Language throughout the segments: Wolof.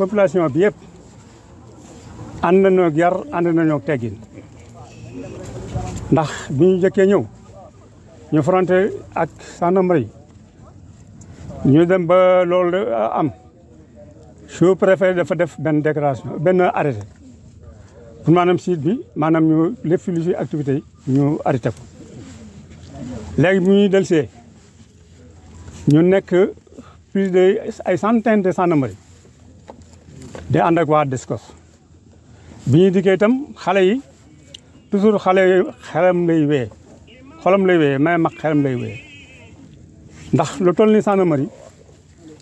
population bi yëpp ànd nañoo ak yar ànd nañoo ak teggin ndax bi ñu jëkkee ñëw ñu fronté ak gendarmerie ñu dem ba loolu am sous préfet dafa def benn déclaration benn arrêté pour maanaam site bi maanaam ñu lépp fi lu si activité yi ñu arrêté ko léegi bu ñuy dellusee ñu nekk plus de ay centaine de gendarmerie de ànd ak waa DSCOS bi ñuy dikkee tam xale yi toujours xale yi xelam lay wee xolam lay we may mag xelam lay wee ndax lu toll ni gendarmerie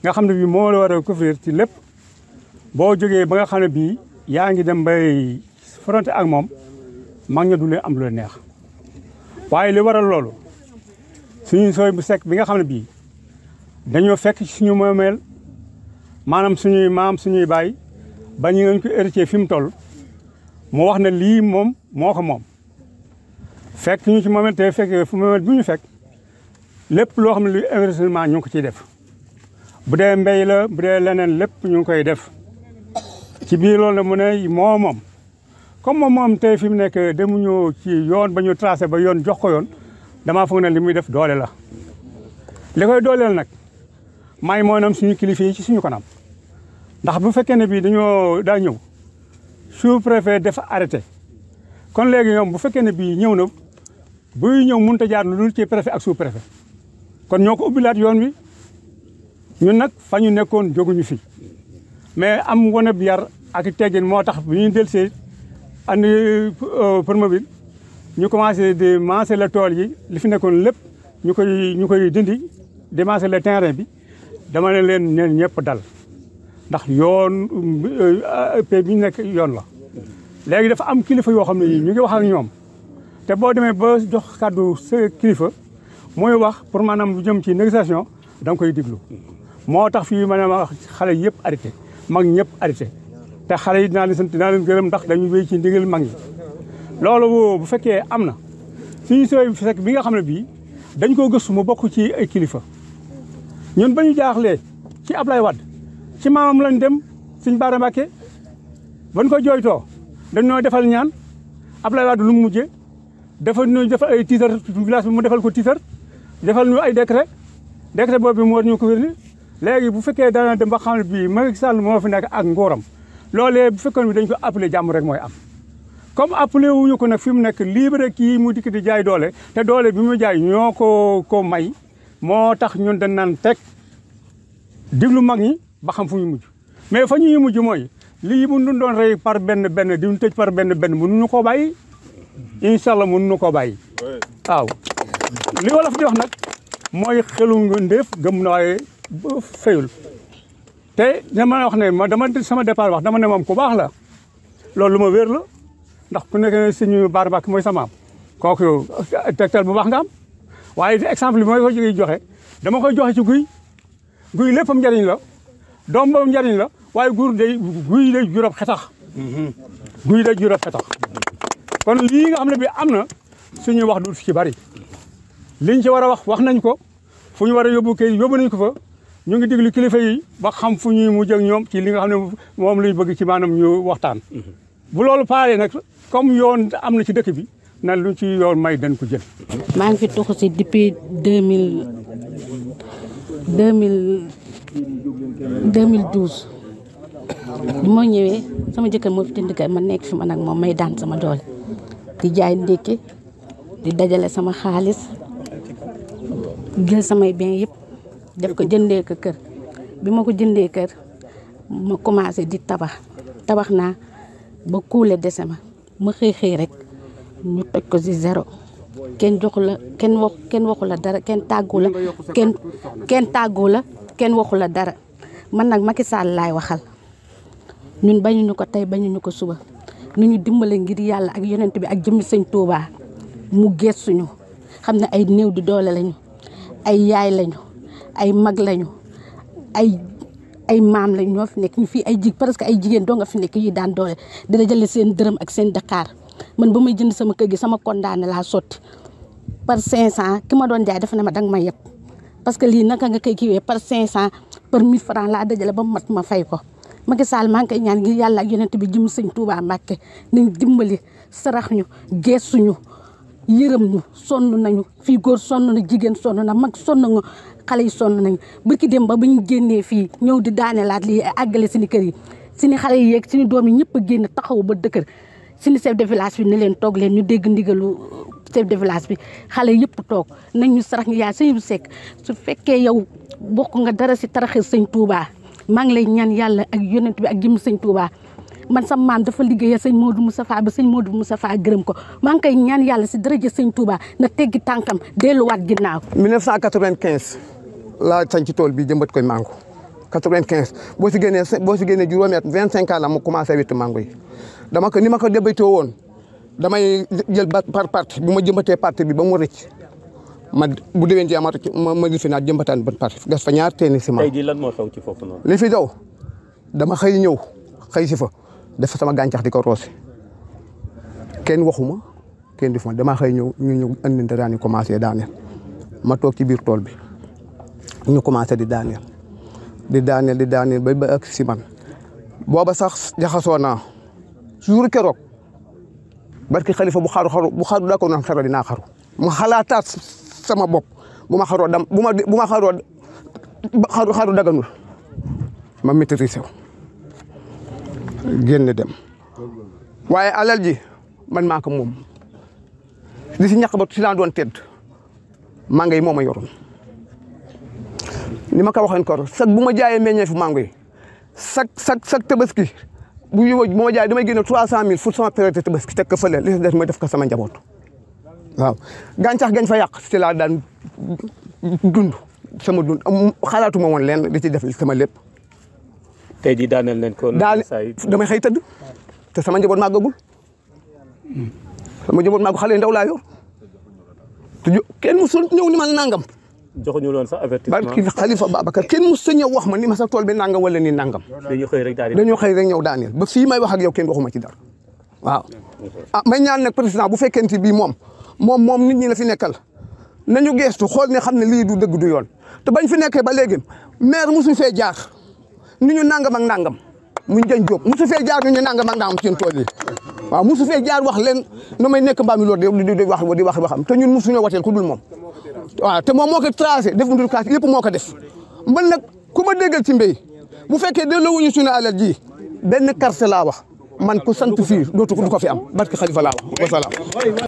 nga xam ne bii moo la war a couvrir ci lépp boo jógee ba nga xam ne bii yaa ngi dem bay fronté ak moom mag ña du leen am lu neex waaye li waral loolu suñu sooy bu sekk bi nga xam ne bii dañoo fekk ci suñu moomeel maanaam suñuy maam suñuy baay ba ñu nañ ko héritier fi mu toll mu wax ne lii moom moo ko moom fekk ñu ci moomeel te fekk fu moomeel bu ñu fekk lépp loo xam ne lu investissement ñu ngi ko ciy def bu dee mbéy la bu dee leneen lépp ñu ngi koy def ci biir loolu la mu ne moo moom comme moom moom tey fi mu nekk demuñu ci yoon ba ñu tracé ba yoon jox ko yoon damaa foog ne li muy def doole la li koy dooleel nag may nam suñu kilifa yi ci suñu kanam ndax bu fekkee ne bii dañoo daa ñëw sous préfet dafa arrêté kon léegi ñoom bu fekkee ne bii ñëw na buy ñëw mënut a jaar ci préfet ak sous préfet kon ñoo ko ubbilaat yoon wi ñun nag fa ñu nekkoon joguñu fi mais am wane bi yar ak teggin moo tax bu ñuy delsee andi euh, permis bi ñu commencé de maase la tool yi li fi nekkoon lépp ñu koy ñu koy dindi di maase le terrain bi dama ne leen ñeen ñëpp dal ndax yoon euh, pays bi nekk yoon la léegi dafa am kilifa yoo xam ne ñu ngi wax ñoom te boo demee ba jox kàddu sa kilifa mooy wax pour maanaam lu jëm ci négociation da koy diglu moo tax fii maanaam wax xale yëpp arrêté mag ñëpp arrêté te xale yi dinaa leen sant leen gërëm ndax dañu wéy ci ndigal mag ñi loolu bu fekkee am na suñu sooy fekk bi nga xam ne bii dañ koo gëstu mu bokk ci ay kilifa ñun ba ñu jaaxlee ci Ablaye Wade ci maamam lañ dem Sëñ Bara Mbacké ban ko jooytoo dañ ñoo defal ñaan Ablaye Wade lu mu mujjee defal ñu defal ay tiitar village mu defal ko tiitar defal ñu ay décret décret boobu mu war ñu ko firni léegi bu fekkee dana dem ba xam ne bii Macky Sall moo fi nekk ak nguuram loolee bu fekkee bi dañ ko appelé jàmm rek mooy am comme wu wuñu ko nag fi mu nekk libre kii mu dikk di jaay doole te doole bi mu jaay ñoo ko ko may moo tax ñun dañ naan teg diglu mag ñi ba xam fu ñu mujj mais fa ñu mujj mooy lii bu ñu doon rey par benn benn di ñu tëj par benn benn mënuñu koo bàyyi incha allah nu koo bàyyi waaw. li wolof di wax nag mooy xelu nga ndéef gëm na waaye fayul te dama wax ne ma dama sama départ wax dama ne moom ku baax la loolu lu ma wér la ndax ku nekk suñu baar bàkk mooy sama am kooku tegtal bu baax nga am. waaye exemple bi mooy ko joxe dama koy joxe ci guy guy léppam njariñ la doom boobu njariñ la waaye guur day guy day juróom xetax guy day juróom xetax kon lii nga xam ne bi am na suñuy wax du ci bari liñ ci war a wax wax nañ ko fu ñu war a yóbbu kay yóbbu nañ ko fa ñu ngi déglu kilifa yi ba xam fu ñuy mujj ak ñoom ci li nga xam ne moom lañ bëgg ci maanaam ñu waxtaan mhm. bu loolu paree nag comme yoon am na ci dëkk bi nan lu ci yoon may dañ ko jël. maa ngi fi tuxu si depuis deux mille deux mille deux mille bi ma ñëwee sama jëkkër moo fi tënd kër ma nekk fi ma nag moom may daan sama doole di jaay ndékki di dajale sama xaalis jël samay bien yëpp def ko jëndee ko kër bi ma ko jëndee kër ma commencé di tabax tabax naa ba kuule dese ma ma xëy xëy rek. ñu toj ko si zéro kenn joxu la kenn kenn waxu la dara kenn tàggu la kenn kenn tàggu la kenn waxu dara man nag Macky Sall laay waxal ñun bañuñu ko tey bañuñu ko suba nu ñu dimbale ngir yàlla ak yonent bi ak jëmmi sëñ Touba mu geesuñu xam ne ay néew di doole lañu ay yaay lañu ay mag lañu ay ay maam lañ ñoo fi nekk ñu fii ay jig parce que ay jigéen doo nga fi nekk yi daan doole dina jële seen dërëm ak seen Dakar man ba may jënd sama kër gi sama kondaane la sotti par 500 ki ma doon jaay defe na ma danga ma yeb parce que lii naka nga koy kiiwee par 500 par 1000 francs laa dajale ba mu mat ma fay ko. Macky Sall maa ngi koy ñaan ngir yàlla ak yonent bi jëm sëñ Touba Mbacke nañ dimbali sarax ñu geesu ñu yërëm ñu sonn nañu fii góor sonn na jigéen sonn na mag sonn nga xale yi sonn nañu bërki dem ba bu ñu génnee fii ñëw di daanelaat lii àggale suñu kër yi suñu xale yi yeeg suñu doom yi ñëpp a génn taxaw ba dëkkër suñu chef de village ni leen toog leen ñu dégg ndigalu euh, chef de village bi xale yëpp toog nañ ñu sarax ñu yaay sëñ bu sekk su fekkee yow bokk nga dara si taraxe sañ Touba maa ngi lay ñaan yàlla ak yonent bi ak jëmm sëñ Touba man sa maam dafa liggéeyee sëñ Modou Moustapha ba sëñ Modou a gërëm ko maa ngi koy ñaan yàlla si daraja sëñ Touba na teggi tànkam delluwaat ginnaaw. 1995 laa sañ ci tool bi jëmbat koy mango. 95 boo si génnee boo si génnee juróomi at 25 ans la mu commencé witt mango yi dama ko ni ma ko débatee woon damay jël ba par partie bu ma jëmbatee partie bi ba mu rëcc ma bu déwén jii ma ma ma li fi naat jëmbataan ban partie gas fa ñaar teeni ciment. tey lan moo xew ci foofu noonu. li fi daw dama xëy ñëw xëy si fa def sama gàncax di ko roose kenn waxuma kenn di fa dama xëy ñëw ñu ñëw andi daan ni commencé daaneel ma toog ci biir tool bi ñu commencé di daaneel. di daaneel di daaneel ba ba ak si man booba sax jaxasoo naa jour keroog barki xalifa bu xaru xaru bu xaru daa ko naan dinaa xaru mu xalaataat sama bopp bu ma xaroo dam bu ma bu ma xaroo xaru xaru daganul ma maîtriser génn dem waaye alal ji man maa ko moom di si ñàkk bo si laa doon tedd maa ngay moom a yoroon ni ma ko waxee encore sag bu ma jaayee meññeefu mango yi sag sag sag tabaski bu ñu bu ma jaayee damay génne trois cent mille pour sama période tabaski teg ko fële li si des mooy def ko sama njaboot waaw. gàncax gañ fa yàq si laa daan dund sama dund xalaatuma woon leen di ci def sama lépp. tey jii daaneel leen ko. daal damay xëy tëdd te sama njaboot màggagul sama njaboot màgg xale ndaw laa yor te kenn musul ñëw ni ma nangam. joxuñu loon sax avertissement barki Xalifa kenn mos sa ñëw wax ma ni ma sa tool bi nangam wala ni nangam. dañu xëy rek ñëw daaneel ba fii may wax yow kenn waxuma ci dara waaw. ah ñaan nag président bu fekkente bi moom moom moom nit ñi la fi nekkal nañu geestu xool ne xam ne lii du dëgg du yoon te bañ fi nekkee ba léegi maire mosu fee jaar ni ñu nangam ak nangam muñ jañ jóob mosu fee jaar ni ñu nangam ak nangam seen tool yi waaw mosu wax leen nu may nekk mbaam mi loolu di wax di wax waxam te ñun mosuñoo wateel ku dul moom waaw te moo moo ko tracé def ndul kaas lépp moo ko def mbal na ku ma déggal ci mbéy bu fekkee delloowuñu suñu alal ji benn karte laa wax man ku sant fii dootu du ko fi am barke xalifa laa wax wasalaam